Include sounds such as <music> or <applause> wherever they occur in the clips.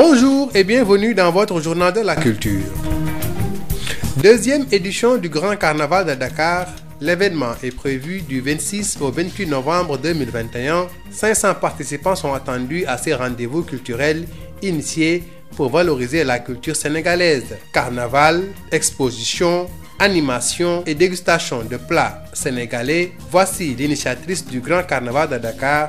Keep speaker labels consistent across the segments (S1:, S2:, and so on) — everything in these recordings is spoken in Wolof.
S1: Bonjour et bienvenue dans votre journal de la culture. Deuxième édition du Grand Carnaval de Dakar, l'événement est prévu du 26 au 28 novembre 2021. 500 participants sont attendus à ces rendez-vous culturels initiés pour valoriser la culture sénégalaise. Carnaval, exposition, animation et dégustation de plats sénégalais. Voici l'initiatrice du Grand Carnaval de Dakar,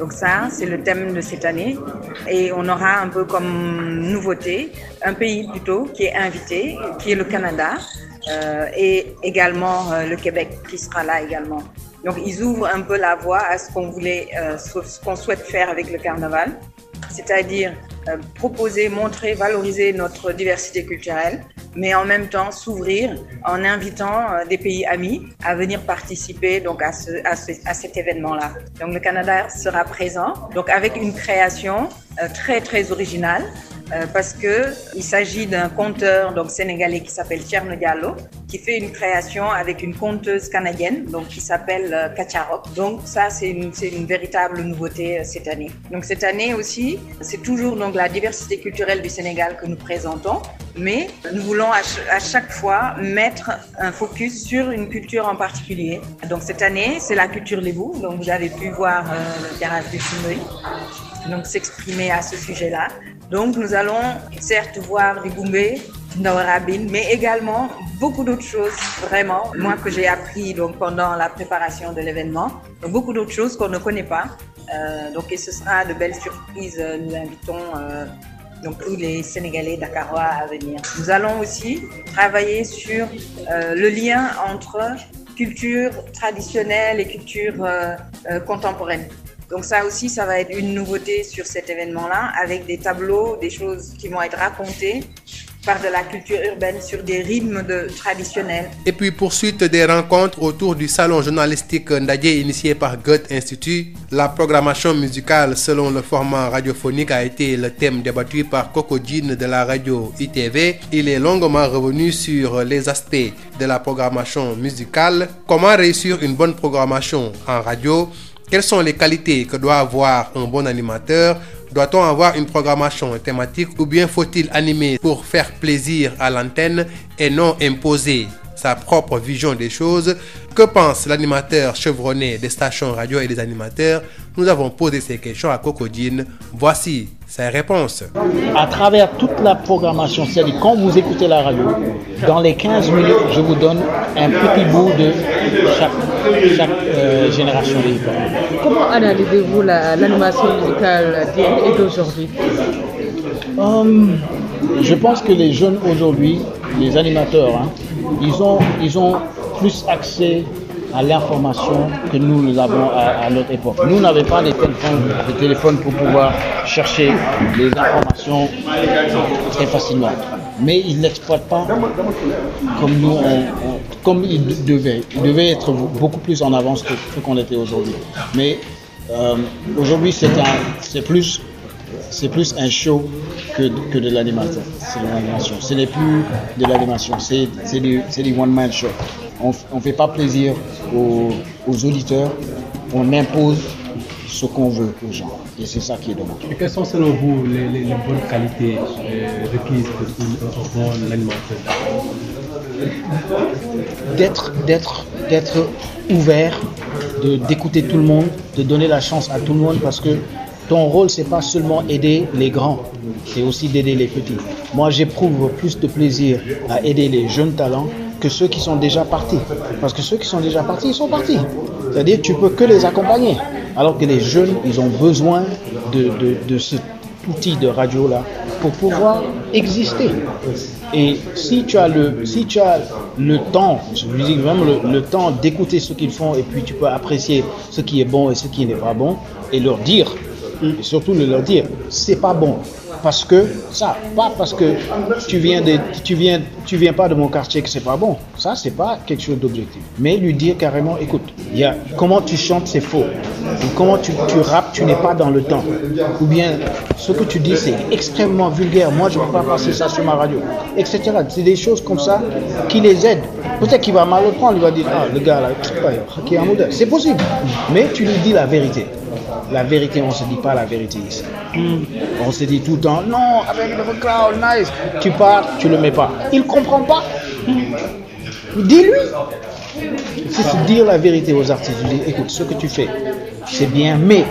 S2: Donc ça, c'est le thème de cette année. Et on aura un peu comme nouveauté un pays plutôt qui est invité, qui est le Canada, euh, et également euh, le Québec qui sera là également. Donc ils ouvrent un peu la voie à ce qu'on voulait, euh, ce qu'on souhaite faire avec le carnaval, c'est-à-dire Euh, proposer, montrer, valoriser notre diversité culturelle, mais en même temps s'ouvrir en invitant euh, des pays amis à venir participer donc à, ce, à, ce, à cet événement-là. Donc le Canada sera présent, donc avec une création euh, très très originale euh, parce qu'il s'agit d'un conteur donc, sénégalais qui s'appelle Tcherno Diallo, qui fait une création avec une conteuse canadienne donc, qui s'appelle euh, Kacharok. Donc ça, c'est une, une, véritable nouveauté euh, cette année. Donc cette année aussi, c'est toujours donc, la diversité culturelle du Sénégal que nous présentons, mais nous voulons à, chaque fois mettre un focus sur une culture en particulier. Donc cette année, c'est la culture Lébou, donc vous avez pu voir euh, le terrasse du Chimoy donc ce sujet-là. Donc nous allons certes voir des Goumbé, Ndawarabin, mais également beaucoup d'autres choses vraiment, moi que j'ai appris pendant la préparation de l'événement, beaucoup d'autres choses qu'on ne connaît pas. Euh, et ce sera de belles surprises, euh, nous invitons euh, tous les Sénégalais dakarois à venir. Nous allons aussi travailler sur le lien entre culture traditionnelle et culture contemporaine. Donc ça aussi, ça va nouveauté sur cet événement-là, avec des tableaux, des choses qui vont être racontées par de la culture urbaine sur des rythmes traditionnels.
S1: Et puis poursuite des rencontres autour du salon journalistique Ndadje initié par Goethe Institut. La programmation musicale selon le format radiophonique a été le thème débattu par Coco Jean de la radio ITV. Il est longuement revenu sur les aspects de la programmation musicale, comment réussir une bonne Quelles sont les qualités que doit avoir un bon animateur? Doit-on avoir une programmation thématique ou bien faut-il animer pour faire plaisir à l'antenne et non imposer? sa propre vision des choses. Que pense l'animateur chevronné des stations radio et des animateurs Nous avons posé ces questions à Cocodine. Voici ses réponses. À travers toute la programmation, c'est-à-dire quand vous écoutez la
S3: radio, dans les 15 minutes, je vous donne un petit bout de chaque, euh, génération des euh, Je pense que les jeunes aujourd'hui, les animateurs, ils ont, ils plus accès à l'information que nous l'avons à, à, notre époque. Nous n'avons pas de téléphones, de téléphone pour pouvoir chercher les informations très facilement. Mais ils n'exploitent pas comme on, on, comme ils devaient. être beaucoup plus en avance que ce qu'on était aujourd'hui. Mais euh, aujourd'hui, c'est plus c'est plus un show que, que de l'animation. C'est de l'animation. Ce n'est plus de l'animation, c'est du, du one-man show. On ne fait pas plaisir aux, aux auditeurs, on impose ce qu'on veut aux gens. Et c'est ça qui est dommage.
S1: Et quelles sont selon vous les, les, les bonnes qualités euh, requises pour un bon animateur D'être, d'être, d'être ouvert,
S3: de, d'écouter tout le monde, de donner la chance à tout le monde parce que Ton rôle, c'est pas seulement aider les grands, c'est aussi d'aider les petits. Moi, j'éprouve plus de plaisir à aider les jeunes talents que ceux qui sont déjà partis. Parce que ceux qui sont déjà partis, ils sont partis. C'est-à-dire, tu peux que les accompagner. Alors que les jeunes, ils ont besoin de, de, de cet outil de radio-là pour pouvoir exister. Et si tu as le, si tu as le temps, je vous dis vraiment le, le temps d'écouter ce qu'ils font et puis tu peux apprécier ce qui est bon et ce qui n'est pas bon et leur dire et surtout de leur dire, c'est pas bon. Parce que ça, pas parce que tu viens de, tu viens, tu viens pas de mon quartier que c'est pas bon. Ça, c'est pas quelque chose d'objectif. Mais lui dire carrément, écoute, il y a, comment tu chantes, c'est faux. Ou comment tu, tu rappes, tu n'es pas dans le temps. Ou bien, ce que tu dis, c'est extrêmement vulgaire. Moi, je ne peux pas passer ça sur ma radio. Etc. C'est des choses comme ça qui les aident. Peut-être qu'il va mal le prendre, il va dire, ah, le gars là, c'est possible. Mais tu lui dis la vérité. la vérité, on se dit pas la vérité ici. Mm. On se dit tout le temps, non, avec le cloud, nice. Tu pars, tu le mets pas. Il comprend pas. Mm. Dis-lui. C'est se dire la vérité aux artistes. Je dis, écoute, ce que tu fais, c'est bien, mais,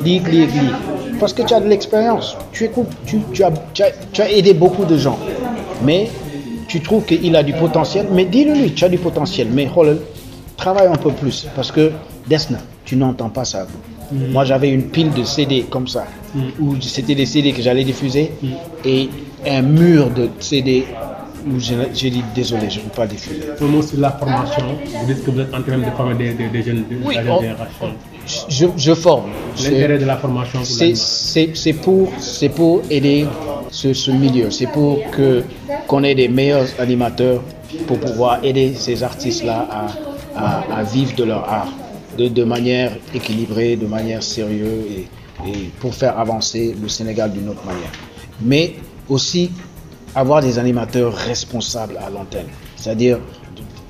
S3: dis, dis, dis. Parce que tu as de l'expérience. Tu, écoutes, tu, tu, as, tu, as, tu as aidé beaucoup de gens. Mais tu trouves qu'il a du potentiel, mais dis-le lui, tu as du potentiel. Mais travaille un peu plus parce que Desna, tu n'entends pas ça. Mmh. Moi, j'avais une pile de CD comme ça, mmh. où c'était des CD que j'allais diffuser mmh. et un mur de CD où j'ai dit désolé, je ne peux pas diffuser. Un mot sur la formation. Vous dites que vous êtes en train de former des, des, des jeunes de oui, la on, génération. Je, je forme. L'intérêt de la formation C'est pour, pour aider ce, ce milieu. C'est pour qu'on qu ait des meilleurs animateurs pour pouvoir aider ces artistes-là à, à, à vivre de leur art. de, de manière équilibrée, de manière sérieuse et, et pour faire avancer le Sénégal d'une autre manière. Mais aussi avoir des animateurs responsables à l'antenne, c'est-à-dire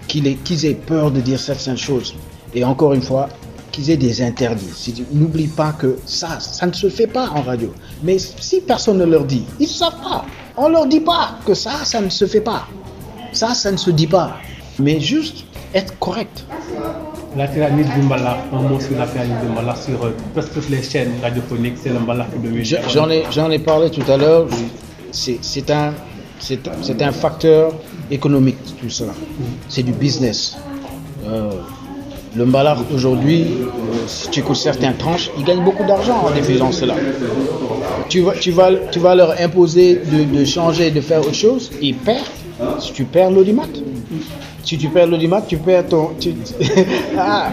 S3: qu'ils qu aient peur de dire certaines choses. Et encore une fois, qu'ils aient des interdits. N'oublie pas que ça, ça ne se fait pas en radio. Mais si personne ne leur dit, ils ne savent pas. On ne leur dit pas que ça, ça ne se fait pas.
S1: Ça, ça ne se dit pas. Mais juste
S3: être correct.
S1: La tyrannie du mbalax, un mot sur la tyrannie du mbalax sur euh, presque toutes les chaînes radiophoniques, c'est le mbalax qui domine. J'en ai,
S3: j'en tout à l'heure, c'est un, c'est facteur économique tout cela, c'est du business. Euh, le mbalax aujourd'hui, euh, si tu écoutes certains tranches, ils gagnent beaucoup d'argent en diffusant cela. Tu vas, leur imposer de, de changer, de faire autre chose, ils perds l'audimat. si tu perds l'audimat, tu perds ton. Tu... <laughs> ah,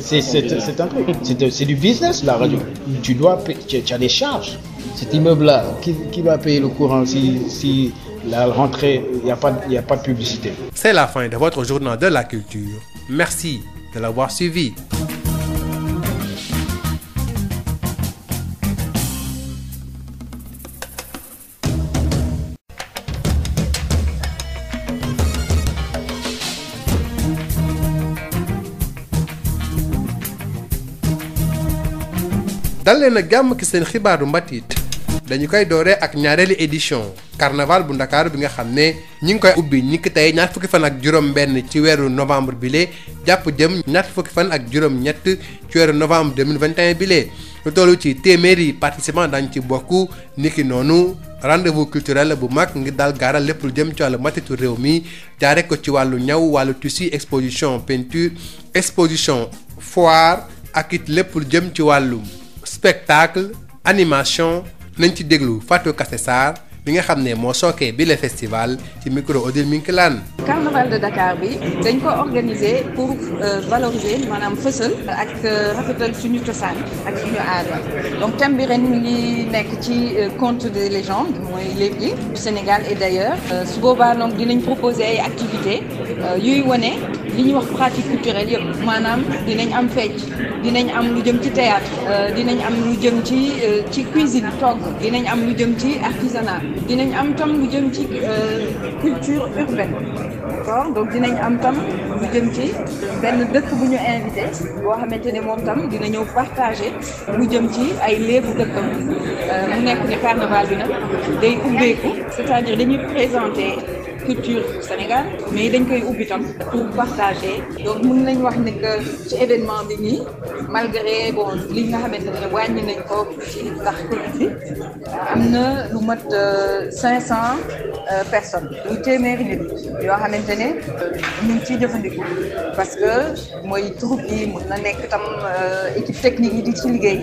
S3: c'est un truc. C'est du business, la radio. Tu dois tu, tu as des charges. Cet immeuble-là, qui, qui, va payer le courant si, si la rentrée, il n'y a,
S1: pas, y a pas de publicité C'est la fin de votre journal de la culture. Merci de l'avoir suivi. dal leen a gàmm ki seen xibaaru mbatiit dañu koy dooree ak ñaareeli édition carnaval bu ndakaaru bi nga xam ne ñi ngi koy ubbi ñi ki tey ñaar fukki fan ak juróom benn ci weeru novembre bi jàpp jëm ñaar fukki fan ak juróom ñett ci weeru novembre 2021 bi lee lu tollu ci téeméeri participants dañ ci bokk niki noonu rendez-vous culturel bu mag ngir daal gaaral lépp lu jëm ci wàllu matitu réew mi jaaree ko ci wàllu ñaw wàllu tissu exposition peinture exposition foire ak it lépp lu jëm ci wàllu spectacle animation nañ ci déglu Fatou Kassé Sarr bi nga xam ne moo sookee bi festival ci micro Odile Minkilaan
S2: carnaval de Dakar bi dañ ko organiser pour euh, valoriser maanaam fësal ak euh, rafetal suñu cosaan ak suñu aada donc thème bi ngi nekk ci euh, conte des légendes mooy léegi du Sénégal et d' su boobaa donc dinañ proposer ay activités yuy wane li ñuy wax pratique culturelle yëpp maanaam dinañ am fecc dinañ am lu jëm ci théâtre euh, dinañ am lu jëm ci euh, ci cuisine togg dinañ am lu jëm ci artisanat dinañ am tam lu jëm ci euh, culture urbaine donc dinañ am tam jëm ci benn dëkk bu ñu invité boo xamante ne moom tam dina ñëw partager lu jëm ci ay léebu dëkkam mu nekk ne carnaval bi nag day ubbeeku c'est-à-dire dañuy présenter culture Sénégal mais dañ koy ubbi tam pour partager donc mën nañ wax ne que ci événement bi nii malgré bon li nga xamante ne wàññi nañ ko ci ndax Covid bi am na lu mat euh, cinq cent euh, personnes lu téeméeri nit yoo xamante ne euh, ñu ngi ciy jëfandiku parce que mooy troupe yi mën na nekk tam équipe technique yi di ci liggéey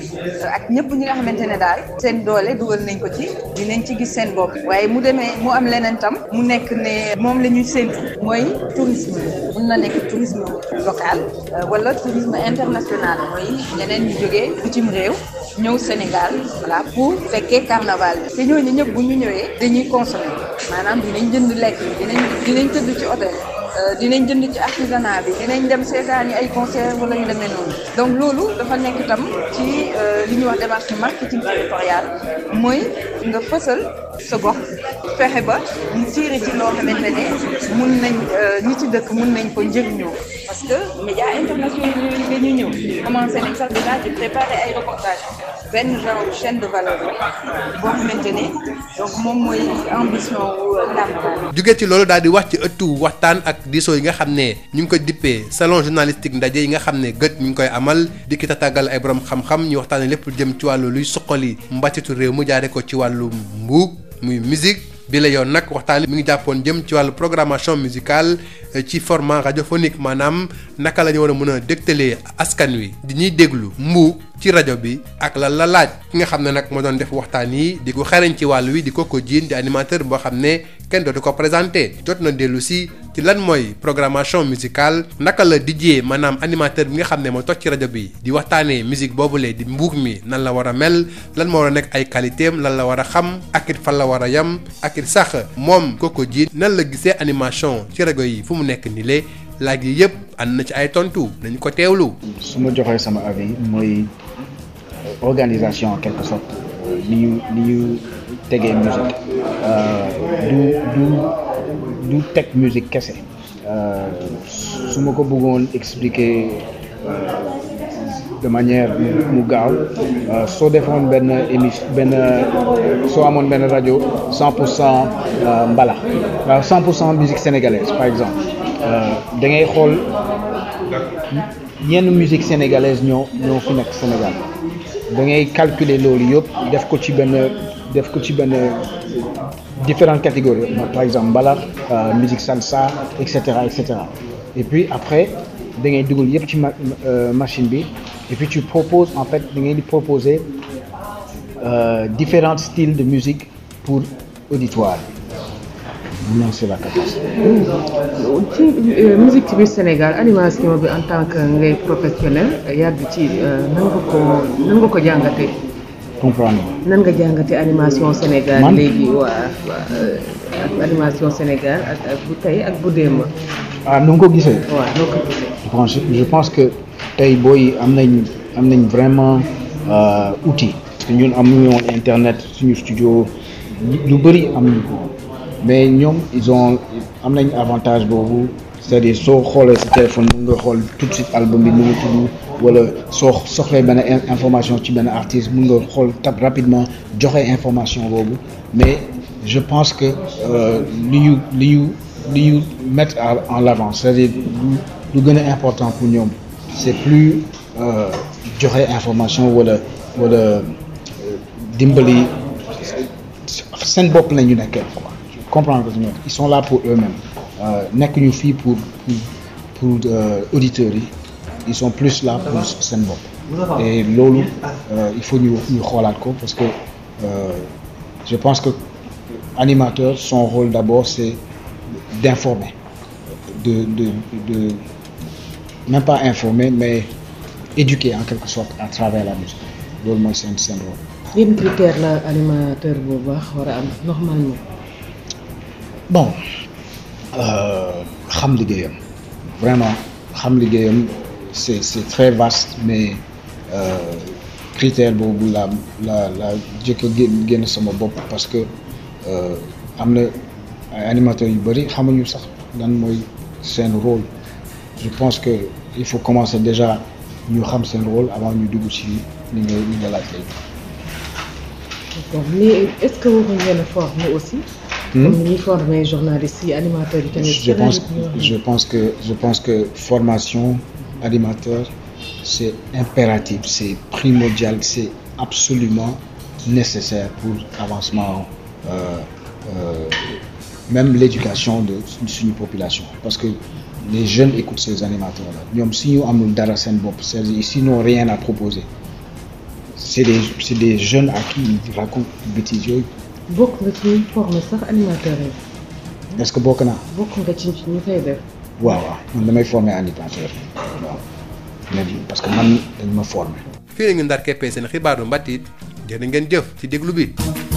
S2: ak ñëpp ñi nga xamante ne daal seen doole dugal nañ ko ci dinañ ci gis seen bopp waaye mu demee mu am leneen tam mu nekk moom la ñuy mooy tourisme mun na nekk tourisme local euh, walla tourisme international mooy ñeneen ñu jógee bitim réew ñëw Sénégal voilà pour fekkee carnaval bi te ñooñu ñëpp bu ñu ñëwee dañuy consommer maanaam dinañ jënd lekk dinañ dinañ tëdd ci hôtel Euh, dinañ jënd ci artisanat bi dinañ dem seetaan yi ay concert wala ñu demee noonu donc loolu dafa nekk tam ci euh, li ñuy wax démarche marketing territorial mooy nga fësal sa gox fexe ba ñu tiire ci loo xamante ne mun euh, ci dëkk mun nañ ko njëriñoo parce que médias ñëw commencé nañ sax de valeur boo xamante moom mooy ambition
S1: wu ci loolu daal di wax ci ëttu waxtaan ak diisoo yi nga xam ne ñu ngi ko dippee salon journalistique ndaje yi nga xam ne gët ñu ngi koy amal di ki tàggal ay borom xam-xam ñu waxtaane lépp lu jëm ci wàllu luy suqali mbatitu réew mu jaare ko ci wàllu mbuug muy musique bi la yoon nag waxtaan mu ngi jàppoon jëm ci wàllu programmation musicale euh, ci format radiophonique maanaam naka la ñu war a mën a dégtalee askan wi di ñuy déglu mbuug ci rajo bi ak lan la laaj ki nga xam ne nag moo doon def waxtaan yi di ko xarañ ci wàll wi di ko ko jiin di animateur boo xam ne kenn dootu ko présenté jot na dellu si ci lan mooy programmation musicale naka la DJ maanaam animateur bi nga xam ne moo toog ci rajo bi di waxtaanee musique boobule di mbuug mi nan la war a mel lan moo war a nekk ay qualitéem lan la war a xam ak it fan la war a yem ak it sax moom koko jiin nan la gisee animation ci rajo yi fu mu nekk nii le laaj yëpp ànd na ci ay tontu nañu ko teewlu.
S3: su ma joxee sama avis organisation en quelque sorte ni ñu tegee musique euh, du teg musique kese euh, su ma ko bëggoon expliquer euh, de manière mu gaaw soo defoon benn émission benn soo amoon benn rajo cent pour mbala waaw cent pour cent musique sénégalaise par exemple da xool yenn musique sénégalaise ñoo ñoo fi nekk Sénégal da ngay calculer loolu yëpp def ko ci benn def ko ci benn différentes catégories par exemple mbalax euh, musique salsa et cetera et cetera et puis après da ngay dugal yëpp ci euh, machine bi et puis tu proposes en fait da ngay di proposer euh, différents styles de musique pour auditoire c'est ci
S1: euh, musique Sénégal animation bi en tant que ngay
S2: professionnel yàgg ci euh, nan ko nan nga ko jàngatee. comprendre nan animation Sénégal. léegi waa euh, animation Sénégal ak
S3: bu tey ak bu démb. ah nu nga ko gisee. waaw nu ko gisee. je pense que tey booy am nañ am nañ vraiment outil. parce que ñun amuñu woon internet suñu studio lu bëri am mais ñoom ils ont am nañ avantage boobu c'est-à-dire soo xoolee téléphone mën nga xool tout de suite album bi nu mu tudd wala soo soxlee benn information ci benn artiste mën nga xool tap rapidement joxe information boobu mais je pense que euh, li ñu li ñu li ñu en avant c'est-à-dire lu gën a important pour ñoom c'est plus euh, joxe information wala wala euh, dimbali seen bopp la ñu nekkee quoi comprendre que ñoom ils sont là pour eux-mêmes euh, nekk ñu fii pour pour pour euh, auditeurs yi ils sont plus là pour seen bopp. et loolu ah. euh, il faut ñu ñu xoolaat ko parce que je pense que animateur son rôle d'abord c'est d'informer de de de même pas informer mais éduquer en quelque sorte à travers la musique loolu mooy seen seen rôle.
S2: yan la animateur bu bon
S3: euh, xam liggéeyam vraiment xam liggéeyam c'est c'est très vaste mais euh, critère boobu la la la jëkk a génn sama bopp parce que euh, am na ay animateurs yu bëri xamuñu sax lan mooy seen rôle je pense que il faut commencer déjà ñu xam seen rôle avant ñu dugg ci ni nga ni nga laaj léegi.
S1: d'accord mais est-ce que waruñu leen a former aussi. Hmm? comme ni ñuy former journalistes yi animateurs yi tamit. je pense je
S3: pense que je pense que formation animateur c'est impératif c'est primordial c'est absolument nécessaire pour avancement euh, euh, même l'éducation de suñu population parce que les jeunes écoutent ces animateurs là ñoom si ñu amul dara seen bopp s'ils n'ont rien à proposer c'est des jeunes à qui ils racontent bêtises yooyu
S2: bokk nga ci ñuy former sax animateurs yi.
S3: est-ce que bokk naa. bokk nga ci ñu koy def. waaw waaw man damay former animateur waaw parce que man
S1: dañ ma former. fii la ñu ndar keppee seen xibaaru mbàtt it jërë ngeen jëf ci déglu bi.